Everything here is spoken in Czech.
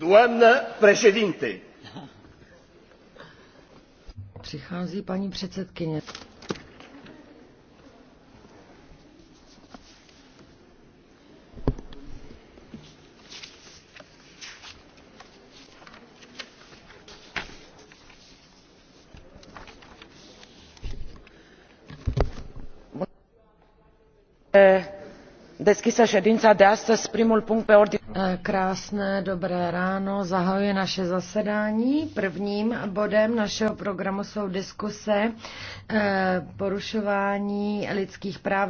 Doamna președinte! Přichází paní předsedkyně. Eh, deschisă eh, Krásné dobré ráno, zahajuje naše zasedání. Prvním bodem našeho programu jsou diskuse eh, porušování lidských práv